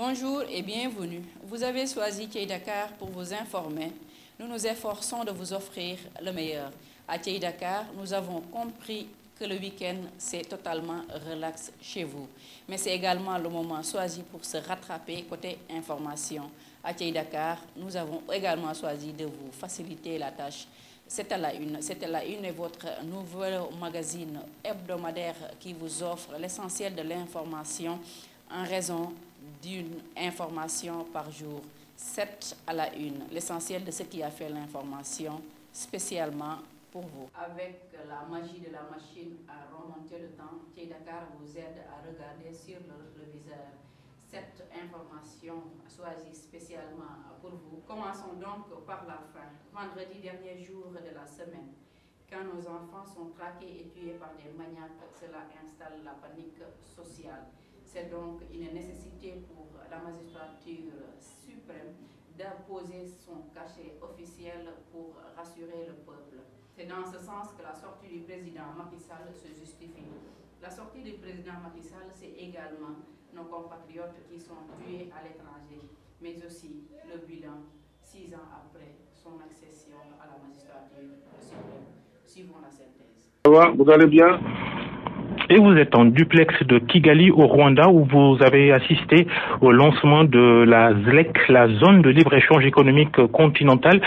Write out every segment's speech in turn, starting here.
Bonjour et bienvenue. Vous avez choisi Thierry Dakar pour vous informer. Nous nous efforçons de vous offrir le meilleur. À Thierry Dakar, nous avons compris que le week-end, c'est totalement relax chez vous. Mais c'est également le moment choisi pour se rattraper côté information. À Thierry Dakar, nous avons également choisi de vous faciliter la tâche. C'est la une. C'est la une votre nouveau magazine hebdomadaire qui vous offre l'essentiel de l'information en raison d'une information par jour, sept à la une, l'essentiel de ce qui a fait l'information spécialement pour vous. Avec la magie de la machine à remonter le temps, Dakar vous aide à regarder sur le, viseur cette information choisie spécialement pour vous. Commençons donc par la fin. Vendredi, dernier jour de la semaine, quand nos enfants sont traqués et tués par des maniaques, cela installe la panique sociale. C'est donc une nécessité pour la magistrature suprême d'imposer son cachet officiel pour rassurer le peuple. C'est dans ce sens que la sortie du président Macky se justifie. La sortie du président Macky c'est également nos compatriotes qui sont tués à l'étranger, mais aussi le bilan six ans après son accession à la magistrature suprême. Suivons la synthèse. vous allez bien et vous êtes en duplex de Kigali au Rwanda où vous avez assisté au lancement de la ZLEC, la zone de libre-échange économique continentale,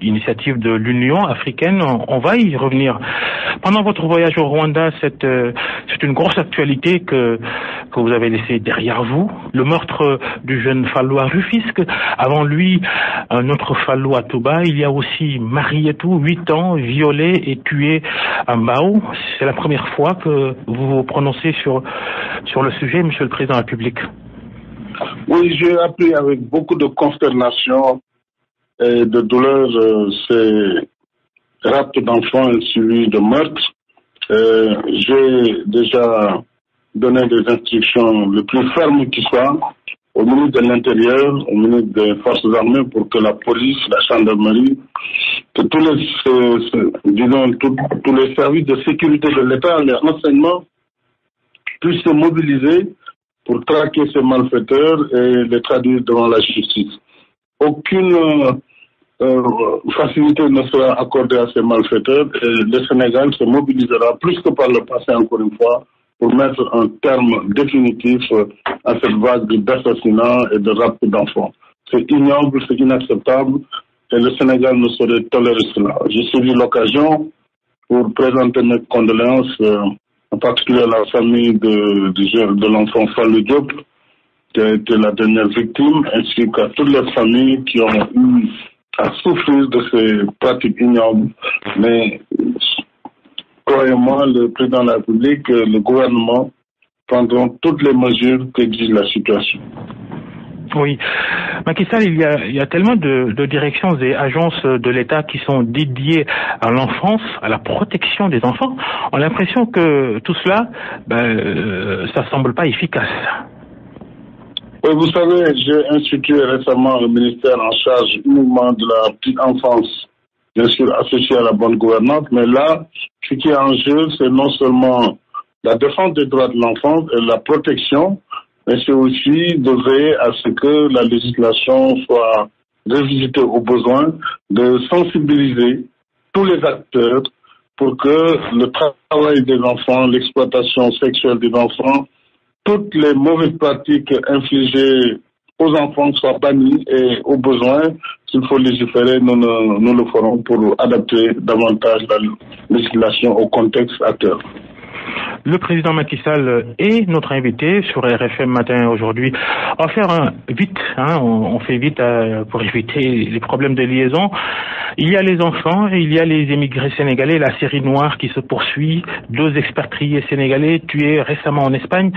initiative de l'Union africaine. On va y revenir. Pendant votre voyage au Rwanda, euh, c'est une grosse actualité que vous avez laissé derrière vous, le meurtre du jeune Fallois Rufisque, avant lui un autre Fallois Touba, il y a aussi Marietou, 8 ans, violée et tuée à Mao. C'est la première fois que vous vous prononcez sur, sur le sujet, Monsieur le Président de la République. Oui, j'ai appris avec beaucoup de consternation et de douleur euh, ces raptes d'enfants suivis de meurtre. Euh, j'ai déjà donner des instructions le plus fermes qui soient au ministre de l'Intérieur, au ministre des Forces armées, pour que la police, la gendarmerie, que tous les, euh, disons, tous les services de sécurité de l'État, les renseignements, puissent se mobiliser pour traquer ces malfaiteurs et les traduire devant la justice. Aucune euh, facilité ne sera accordée à ces malfaiteurs et le Sénégal se mobilisera plus que par le passé, encore une fois, pour mettre un terme définitif à cette vague d'assassinats et de rapes d'enfants. C'est ignoble, c'est inacceptable et le Sénégal ne saurait tolérer cela. J'ai saisi l'occasion pour présenter mes condoléances, euh, en particulier à la famille de, de, de l'enfant Fallou Diop, qui a été la dernière victime, ainsi qu'à toutes les familles qui ont eu à souffrir de ces pratiques ignobles. Mais croyez moi, le président de la République, le gouvernement, prendront toutes les mesures qu'exige la situation. Oui. Macky Sall, il y a, y a tellement de, directions et agences de l'État qui sont dédiées à l'enfance, à la protection des enfants. On a l'impression que tout cela, ben, ne euh, ça semble pas efficace. Oui, vous savez, j'ai institué récemment le ministère en charge du mouvement de la petite enfance bien sûr associé à la bonne gouvernance, mais là, ce qui est en jeu, c'est non seulement la défense des droits de l'enfant et la protection, mais c'est aussi de veiller à ce que la législation soit revisitée au besoin, de sensibiliser tous les acteurs pour que le travail des enfants, l'exploitation sexuelle des enfants, toutes les mauvaises pratiques infligées aux enfants soient pas et aux besoins s'il faut légiférer, nous, nous, le ferons pour adapter davantage la législation au contexte acteur le président Macky Sall est notre invité sur RFM matin aujourd'hui. Hein, on va faire vite, on, fait vite euh, pour éviter les problèmes de liaison. Il y a les enfants il y a les émigrés sénégalais, la série noire qui se poursuit, deux expatriés sénégalais tués récemment en Espagne.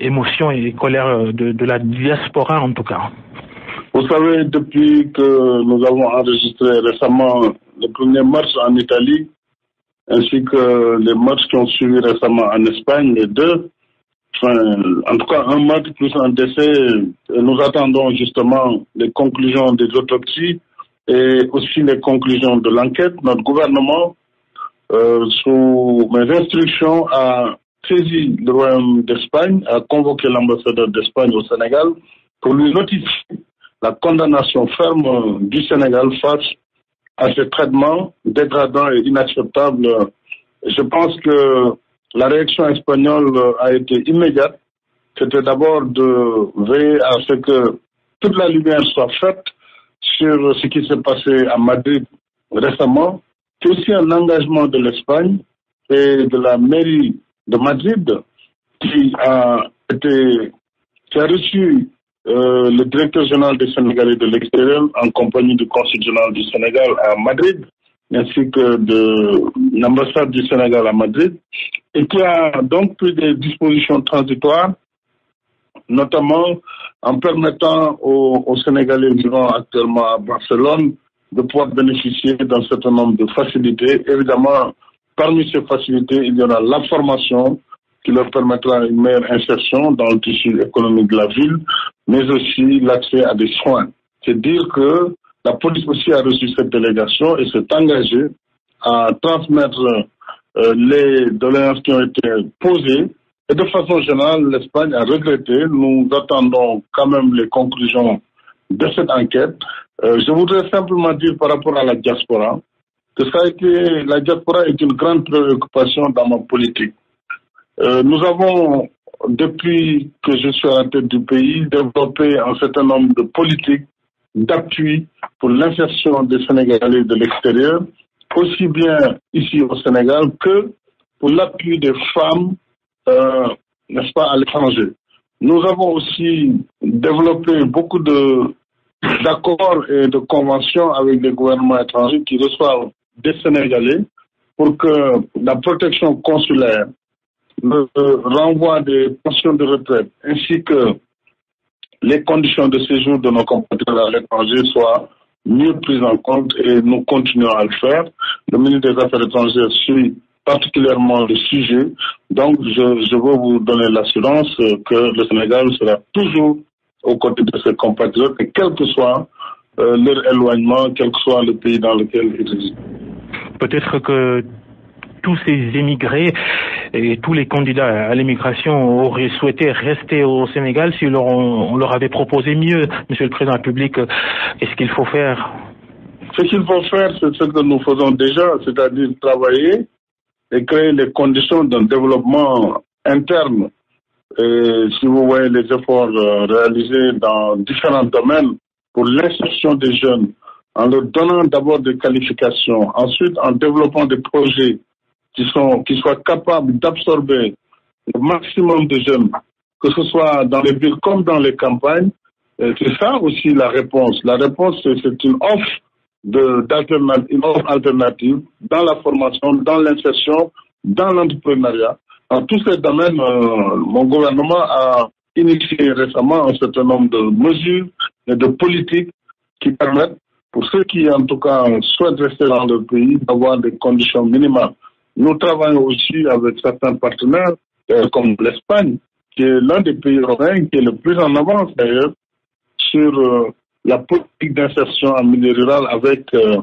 Émotion et colère de, de la diaspora en tout cas. Vous savez, depuis que nous avons enregistré récemment le premier match en Italie, ainsi que les matchs qui ont suivi récemment en Espagne, les deux. Enfin, en tout cas, un match plus un décès. Nous attendons justement les conclusions des autopsies et aussi les conclusions de l'enquête. Notre gouvernement, euh, sous mes instructions, a saisi le Royaume d'Espagne, a convoqué l'ambassadeur d'Espagne au Sénégal pour lui notifier la condamnation ferme du Sénégal face à ce traitement dégradant et inacceptable. Je pense que la réaction espagnole a été immédiate. C'était d'abord de veiller à ce que toute la lumière soit faite sur ce qui s'est passé à Madrid récemment. C'est aussi un engagement de l'Espagne et de la mairie de Madrid qui a été qui a reçu euh, le directeur général des Sénégalais de l'extérieur, en compagnie du conseil général du Sénégal à Madrid, ainsi que de l'ambassade du Sénégal à Madrid, et qui a donc pris des dispositions transitoires, notamment en permettant aux, Sénégalais vivant actuellement à Barcelone de pouvoir bénéficier d'un certain nombre de facilités. Évidemment, parmi ces facilités, il y aura la formation qui leur permettra une meilleure insertion dans le tissu économique de la ville, mais aussi l'accès à des soins. C'est dire que la police aussi a reçu cette délégation et s'est engagée à transmettre euh, les doléances qui ont été posées. Et de façon générale, l'Espagne a regretté. Nous attendons quand même les conclusions de cette enquête. Euh, je voudrais simplement dire par rapport à la diaspora que ça a été, la diaspora est une grande préoccupation dans ma politique. Euh, nous avons depuis que je suis à la tête du pays, développer un certain nombre de politiques d'appui pour l'insertion des Sénégalais de l'extérieur, aussi bien ici au Sénégal que pour l'appui des femmes, euh, n'est-ce pas, à l'étranger. Nous avons aussi développé beaucoup de d'accords et de conventions avec des gouvernements étrangers qui reçoivent des Sénégalais pour que la protection consulaire le renvoi des pensions de retraite ainsi que les conditions de séjour de nos compatriotes à l'étranger soient mieux prises en compte et nous continuons à le faire. Le ministre des Affaires étrangères suit particulièrement le sujet. Donc, je, veux vous donner l'assurance que le Sénégal sera toujours aux côtés de ses compatriotes, quel que soit euh, leur éloignement, quel que soit le pays dans lequel ils résident. Peut-être que tous ces émigrés et tous les candidats à l'immigration auraient souhaité rester au Sénégal si on leur avait proposé mieux. Monsieur le Président public, est-ce qu'il faut faire Ce qu'il faut faire, c'est ce que nous faisons déjà, c'est-à-dire travailler et créer les conditions d'un développement interne. Et si vous voyez les efforts euh, réalisés dans différents domaines pour l'insertion des jeunes, en leur donnant d'abord des qualifications, ensuite en développant des projets qui, sont, qui soient capables d'absorber le maximum de jeunes, que ce soit dans les villes comme dans les campagnes. Euh, c'est ça aussi la réponse. La réponse, c'est une offre une offre alternative dans la formation, dans l'insertion, dans l'entrepreneuriat. En tous ces domaines, euh, mon gouvernement a initié récemment un certain nombre de mesures et de politiques qui permettent, pour ceux qui en tout cas souhaitent rester dans le pays, d'avoir des conditions minimales nous travaillons aussi avec certains partenaires euh, comme l'Espagne, qui est l'un des pays européens qui est le plus en avance d'ailleurs sur euh, la politique d'insertion en milieu rural avec euh,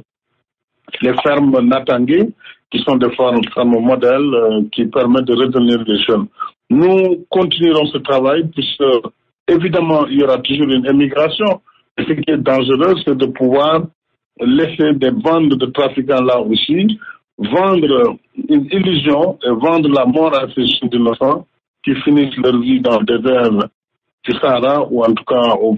les fermes Natangé, qui sont des fermes, modèles qui permettent de retenir les jeunes. Nous continuerons ce travail puisque évidemment il y aura toujours une émigration. Ce qui est dangereux, c'est de pouvoir laisser des bandes de trafiquants là aussi vendre une illusion et vendre la mort à ces innocents qui finissent leur vie dans le désert du Sahara ou en tout cas au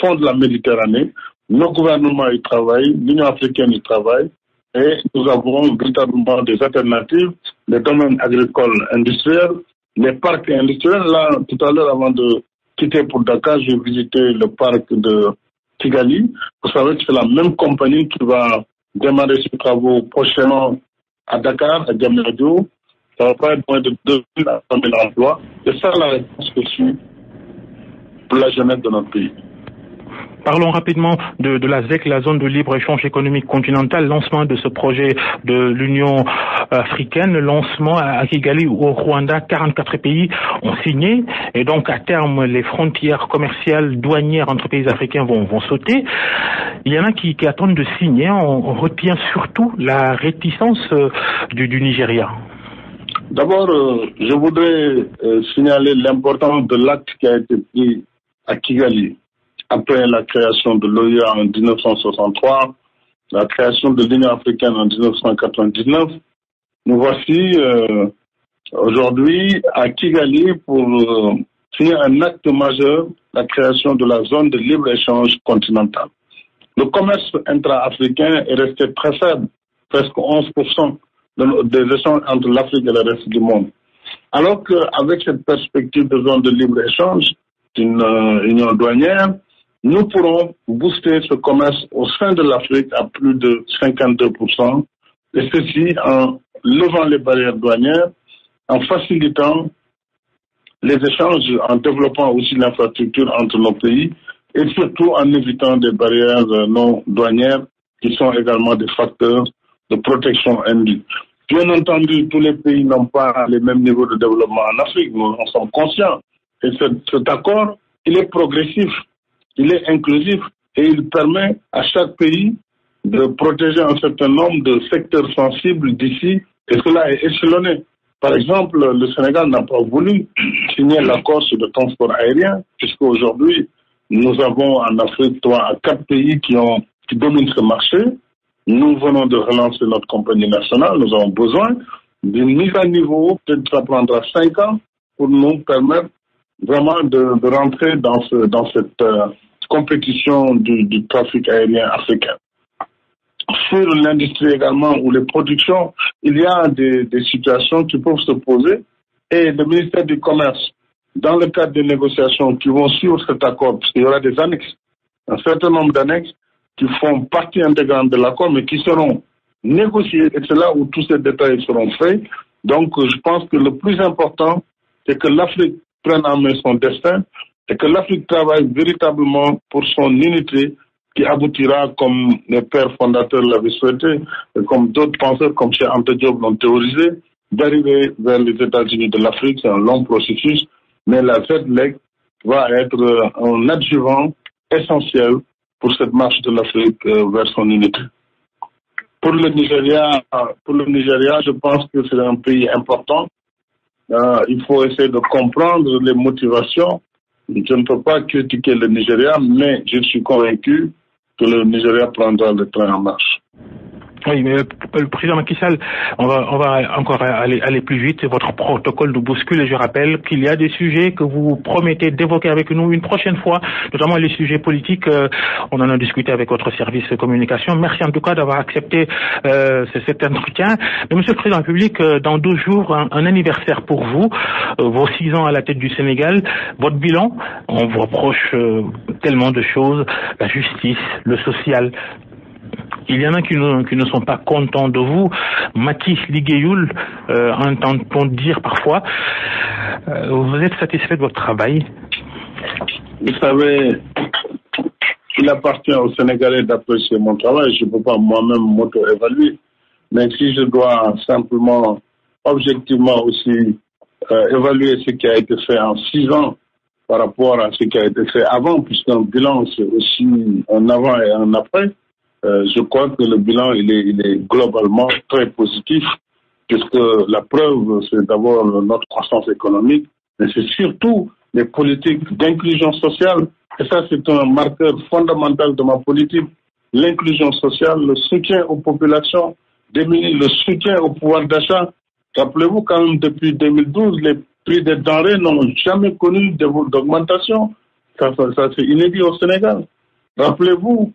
fond de la Méditerranée. Nos gouvernements y travaillent, l'Union africaine y travaille et nous avons véritablement des alternatives, les domaines agricoles industriels, les parcs industriels. Là, tout à l'heure, avant de quitter pour Dakar, j'ai visité le parc de Tigali. Vous savez que c'est la même compagnie qui va démarrer ces travaux prochainement à Dakar, à Diamniadio. Ça va pas être moins de 2 000 à de emplois. Et ça, la réponse que je suis pour la jeunesse de notre pays. Parlons rapidement de, la ZEC, la zone de libre-échange économique continentale, lancement de ce projet de l'Union euh, africaine, lancement à Kigali ou au Rwanda, 44 pays ont signé et donc à terme les frontières commerciales, douanières entre pays africains vont, sauter. Il y en a qui, attendent de signer, on, retient surtout la réticence euh, du, Nigeria. D'abord, euh, je voudrais signaler l'importance de l'acte qui a été pris à Kigali après la création de l'OIA en 1963, la création de l'Union africaine en 1999, nous voici euh, aujourd'hui à Kigali pour euh, signer un acte majeur, la création de la zone de libre-échange continentale. Le commerce intra-africain est resté très faible, presque 11% des échanges entre l'Afrique et le reste du monde. Alors qu'avec cette perspective de zone de libre-échange, d'une euh, union douanière, nous pourrons booster ce commerce au sein de l'Afrique à plus de 52%, et ceci en levant les barrières douanières, en facilitant les échanges, en développant aussi l'infrastructure entre nos pays, et surtout en évitant des barrières euh, non douanières qui sont également des facteurs de protection induite. Bien entendu, tous les pays n'ont pas les mêmes niveaux de développement en Afrique, nous en sommes conscients. Et cet, cet accord, il est progressif il est inclusif et il permet à chaque pays de protéger un certain nombre de secteurs sensibles d'ici, et cela est échelonné. Par exemple, le Sénégal n'a pas voulu signer l'accord sur le transport aérien, puisqu'aujourd'hui, nous avons en Afrique trois à quatre pays qui, ont, dominent ce marché. Nous venons de relancer notre compagnie nationale, nous avons besoin d'une mise à niveau, peut-être ça prendra cinq ans, pour nous permettre vraiment de, rentrer dans, ce, dans cette... Euh, compétition du, trafic aérien africain. Sur l'industrie également ou les productions, il y a des, des situations qui peuvent se poser et le ministère du Commerce, dans le cadre des négociations qui vont suivre cet accord, parce y aura des annexes, un certain nombre d'annexes qui font partie intégrante de l'accord, mais qui seront négociées, et c'est là où tous ces détails seront faits. Donc, je pense que le plus important, c'est que l'Afrique prenne en main son destin et que l'Afrique travaille véritablement pour son unité qui aboutira, comme les pères fondateurs l'avaient souhaité, et comme d'autres penseurs comme chez Ante Diop l'ont théorisé, d'arriver vers les États-Unis de l'Afrique. C'est un long processus, mais la FEDLEC va être euh, un adjuvant essentiel pour cette marche de l'Afrique euh, vers son unité. Pour le Nigeria, pour le je pense que c'est un pays important. Euh, il faut essayer de comprendre les motivations je ne peux pas critiquer le Nigeria, mais je suis convaincu que le Nigeria prendra le train en marche. Oui, mais euh, le président Macky Sall, on va, on va encore aller, plus vite. Votre protocole nous bouscule et je rappelle qu'il y a des sujets que vous promettez d'évoquer avec nous une prochaine fois, notamment les sujets politiques. Euh, on en a discuté avec votre service de communication. Merci en tout cas d'avoir accepté euh, cet entretien. Mais monsieur le président public, dans deux jours, un, un anniversaire pour vous, vos six ans à la tête du Sénégal, votre bilan, on vous reproche tellement de choses, la justice, le social, il y en a qui ne, sont pas contents de vous. Mathis Ligueyoul euh, entend-on dire parfois, euh, vous êtes satisfait de votre travail Vous savez, il appartient aux Sénégalais d'apprécier mon travail. Je ne peux pas moi-même m'auto-évaluer. Mais si je dois simplement, objectivement aussi, euh, évaluer ce qui a été fait en six ans par rapport à ce qui a été fait avant, puisqu'un bilan, c'est aussi en avant et en après, euh, je crois que le bilan, il est, globalement très positif, puisque la preuve, c'est d'abord notre croissance économique, mais c'est surtout les politiques d'inclusion sociale. Et ça, c'est un marqueur fondamental de ma politique. L'inclusion sociale, le soutien aux populations démunies, le soutien au pouvoir d'achat. Rappelez-vous quand même, depuis 2012, les prix des denrées n'ont jamais connu d'augmentation. ça, ça c'est inédit au Sénégal. Rappelez-vous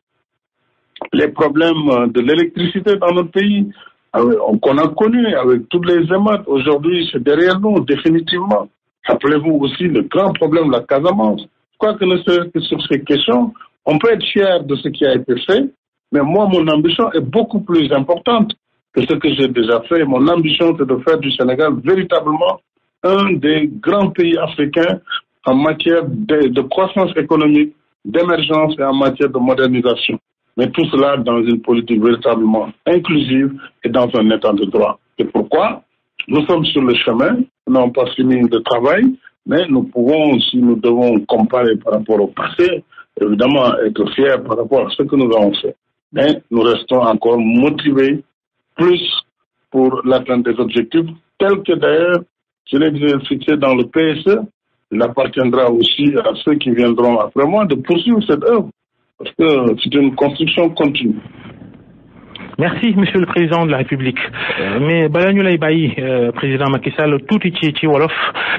les problèmes euh, de l'électricité dans notre pays qu'on a connus avec toutes les émeutes. Aujourd'hui, c'est derrière nous, définitivement. Rappelez-vous aussi le grand problème de la Casamance. Je crois que sur ces questions, on peut être fier de ce qui a été fait, mais moi, mon ambition est beaucoup plus importante que ce que j'ai déjà fait. Mon ambition, c'est de faire du Sénégal véritablement un des grands pays africains en matière de croissance économique, d'émergence et en matière de modernisation mais tout cela dans une politique véritablement inclusive et dans un état de droit. C'est pourquoi nous sommes sur le chemin, nous n'avons pas fini de travail, mais nous pouvons, si nous devons comparer par rapport au passé, évidemment être fiers par rapport à ce que nous avons fait. Mais nous restons encore motivés plus pour l'atteinte des objectifs, tels que d'ailleurs je l'ai dans le PSE. Il appartiendra aussi à ceux qui viendront après moi de poursuivre cette œuvre. Parce que euh, c'est une construction continue merci monsieur le président de la république euh. mais bala lay bàyyi euh, président Macky Sall tout ci ci wolof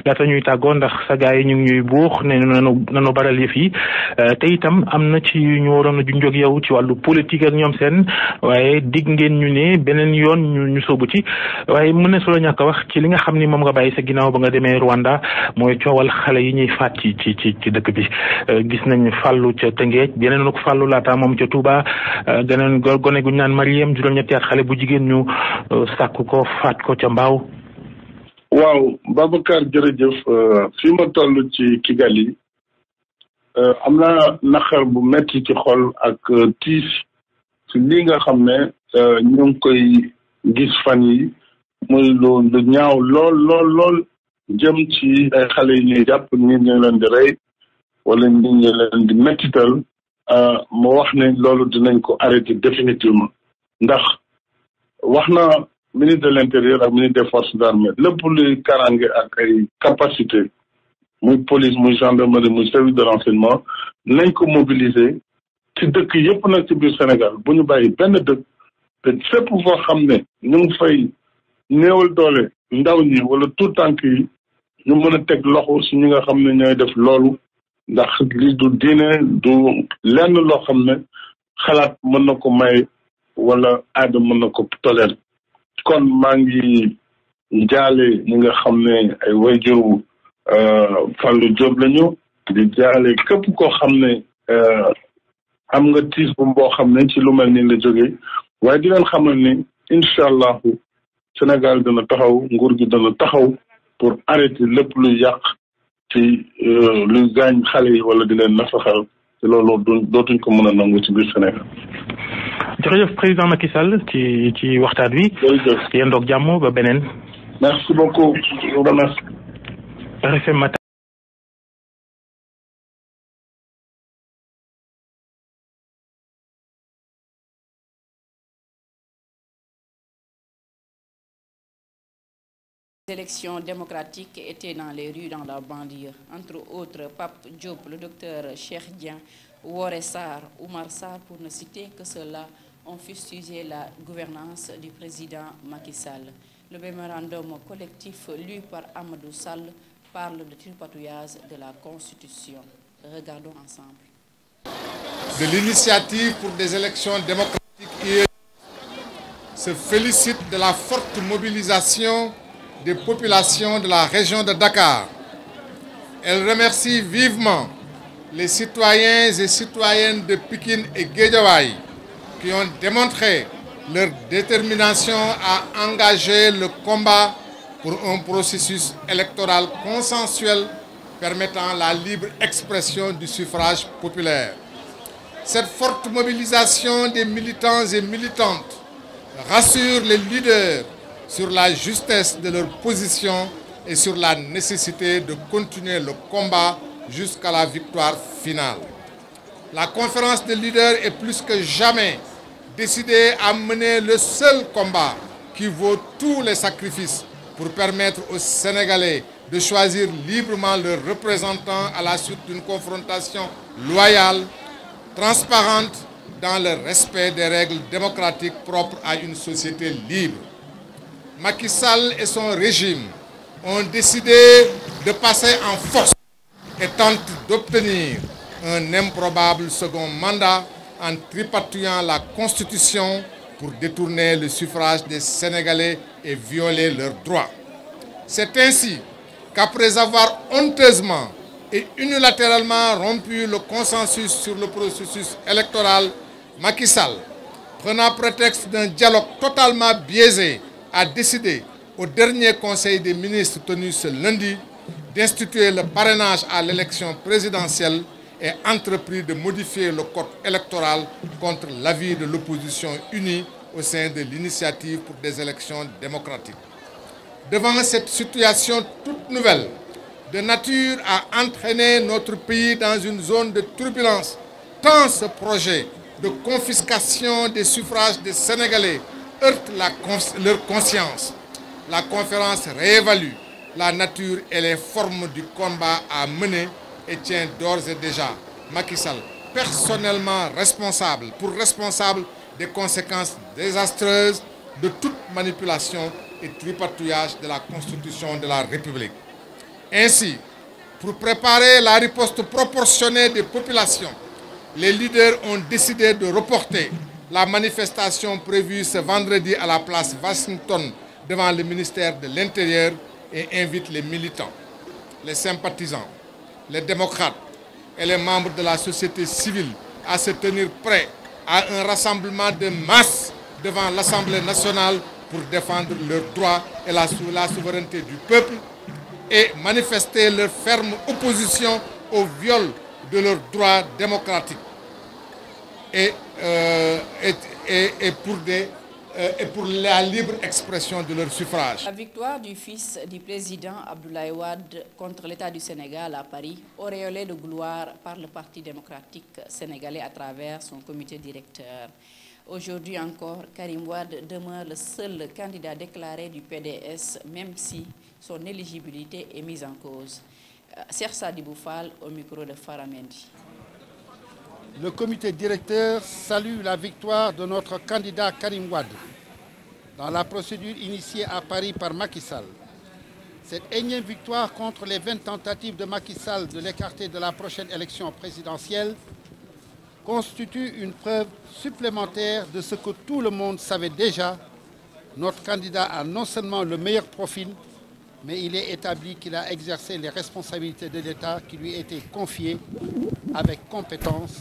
laata ñuy tàggoo ndax sa gars ñu ñuy buux né nañu nanu baral yëf yi euh, te itam amna ci ñu waroon a junjoog yow ci walu politique ak ñom sen waaye dig ngeen ñu né benen yoon ñu sobu ci waaye mu na solo ñàkk wax ci li nga xamni mom nga bàyyi sa ginaaw ba nga démé Rwanda mooy coowal xalé yi ñuy faat ci ci ci dëkk bi gis nañu fallu ci ca Tëngéej ñu ko fàllu laata mom ci Touba geneen gone gu ñu naan juróom juróom-ñetti at xale bu jigéen ñu euh, sàkk ko faat ko ca mbaaw waaw Babacar jërëjëf euh, fi ma toll ci Kigali euh, am na naqar bu metti ci xol ak tiis ci li nga xam ne ñu ngi koy gis fan yi muy lu ñaaw lool lool lool jëm ci ay xale yi ñuy jàpp ñi ñu leen di rey wala ñi ñu leen di mettital ma wax ne loolu dinañ ko arrêté définitivement ndax wax na ministre de l' intérieur ak ministre des forces armées lépp luy karange ak ay capacité muy police muy gendarmerie muy service de renseignement nañ ko mobiliser ci dëkk yëpp nag ci biir Sénégal bu ñu bàyyi benn dëkk te fépp foo xam ne ñu fay néewal doole ndaw ñi wala tout tànk yi ñu mën a teg loxo si ñi nga xam ne ñooy def loolu ndax li du diine du lenn loo xam ne xalaat mën na ko may wala aada mën na ko tolérer kon maa ngi jaale ñi nga xam ne ay wayjuru euh, Fallou Diop lañu di jaale képp koo xam ne euh, am nga tiis bu boo xam ne ci lu mel ni la jógee waaye di leen xamal ne incha allahu Sénégal dana taxaw nguur gi dana taxaw pour arrêter lépp lu yàq ci euh, luy gaañ xale yi wala di leen nafaxal te loolu dootuñ ko mën a nangu ci biir Sénégal jërëjëf président Macky Sall ci ci waxtaan wi. jërëjëf yéen doog jàmm ba beneen. merci beaucoup. merci Matin. élections démocratiques étaient dans les rues dans la banlieue. Entre autres, Pape Diop, le docteur Cheikh Dian, Waressar, ou Marsar, pour ne citer que cela, ont fustigé la gouvernance du président Macky Sall. Le mémorandum collectif lu par Amadou Sall parle de tripatouillage de la Constitution. Regardons ensemble. De l'initiative pour des élections démocratiques se félicite de la forte mobilisation des populations de la région de Dakar. Elle remercie vivement les citoyens et citoyennes de Pékin et Guédiawaï qui ont démontré leur détermination à engager le combat pour un processus électoral consensuel permettant la libre expression du suffrage populaire. Cette forte mobilisation des militants et militantes rassure les leaders sur la justesse de leur position et sur la nécessité de continuer le combat jusqu'à la victoire finale. La conférence des leaders est plus que jamais décidée à mener le seul combat qui vaut tous les sacrifices pour permettre aux Sénégalais de choisir librement leurs représentants à la suite d'une confrontation loyale, transparente, dans le respect des règles démocratiques propres à une société libre. Macky Sall et son régime ont décidé de passer en force et tente d'obtenir un improbable second mandat en tripatouillant la Constitution pour détourner le suffrage des Sénégalais et violer leurs droits. C'est ainsi qu'après avoir honteusement et unilatéralement rompu le consensus sur le processus électoral, Macky Sall, prenant prétexte d'un dialogue totalement biaisé, a décidé au dernier Conseil des ministres tenu ce lundi d'instituer le parrainage à l'élection présidentielle et entrepris de modifier le code électoral contre l'avis de l'opposition unie au sein de l'initiative pour des élections démocratiques. Devant cette situation toute nouvelle, de nature à entraîner notre pays dans une zone de turbulence, tant ce projet de confiscation des suffrages des Sénégalais heurte leur conscience. La conférence réévalue la nature et les formes du combat à mener et tient d'ores et déjà Macky Sall personnellement responsable, pour responsable des conséquences désastreuses de toute manipulation et tripatouillage de la Constitution de la République. Ainsi, pour préparer la riposte proportionnée des populations, les leaders ont décidé de reporter la manifestation prévue ce vendredi à la place Washington devant le ministère de l'Intérieur et invite les militants, les sympathisants, les démocrates et les membres de la société civile à se tenir prêts à un rassemblement de masse devant l'Assemblée nationale pour défendre leurs droits et la, souveraineté du peuple et manifester leur ferme opposition au viol de leurs droits démocratiques et, euh, et pour des euh, et pour la libre expression de leur suffrage. La victoire du fils du président Abdoulaye Ouad contre l'État du Sénégal à Paris, auréolée de gloire par le Parti démocratique sénégalais à travers son comité directeur. Aujourd'hui encore, Karim Ouad demeure le seul candidat déclaré du PDS, même si son éligibilité est mise en cause. Sersa euh, Diboufal au micro de Faramendi le comité directeur salue la victoire de notre candidat Karim Wad dans la procédure initiée à Paris par Macky Sall. Cette énième victoire contre les 20 tentatives de Macky Sall de l'écarter de la prochaine élection présidentielle constitue une preuve supplémentaire de ce que tout le monde savait déjà. Notre candidat a non seulement le meilleur profil, mais il est établi qu'il a exercé les responsabilités de l'État qui lui étaient confiées avec compétence,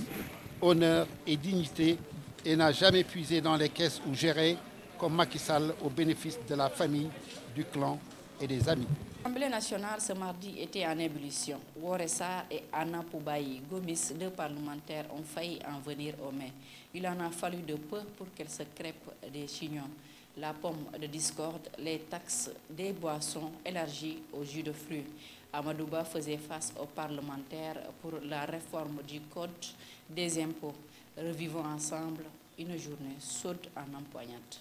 honneur et dignité et n'a jamais puisé dans les caisses ou géré comme Macky Sall au bénéfice de la famille, du clan et des amis. L'Assemblée nationale ce mardi était en ébullition. Waressa et Anna Poubaï, Gomis, deux parlementaires, ont failli en venir au mains. Il en a fallu de peu pour qu'elle se crêpe des chignons. La pomme de discorde, les taxes des boissons élargies au jus de fruits. Amadouba faisait face aux parlementaires pour la réforme du code des impôts. Revivons ensemble une journée saute en empoignante.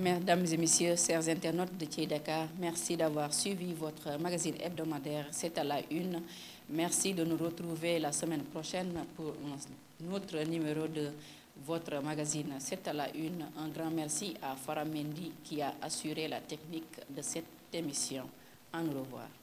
Mesdames et messieurs, chers internautes de Thiers merci d'avoir suivi votre magazine hebdomadaire C'est à la une. Merci de nous retrouver la semaine prochaine pour notre numéro de votre magazine C'est à la une. Un grand merci à Farah Mendy qui a assuré la technique de cette émission. Au revoir.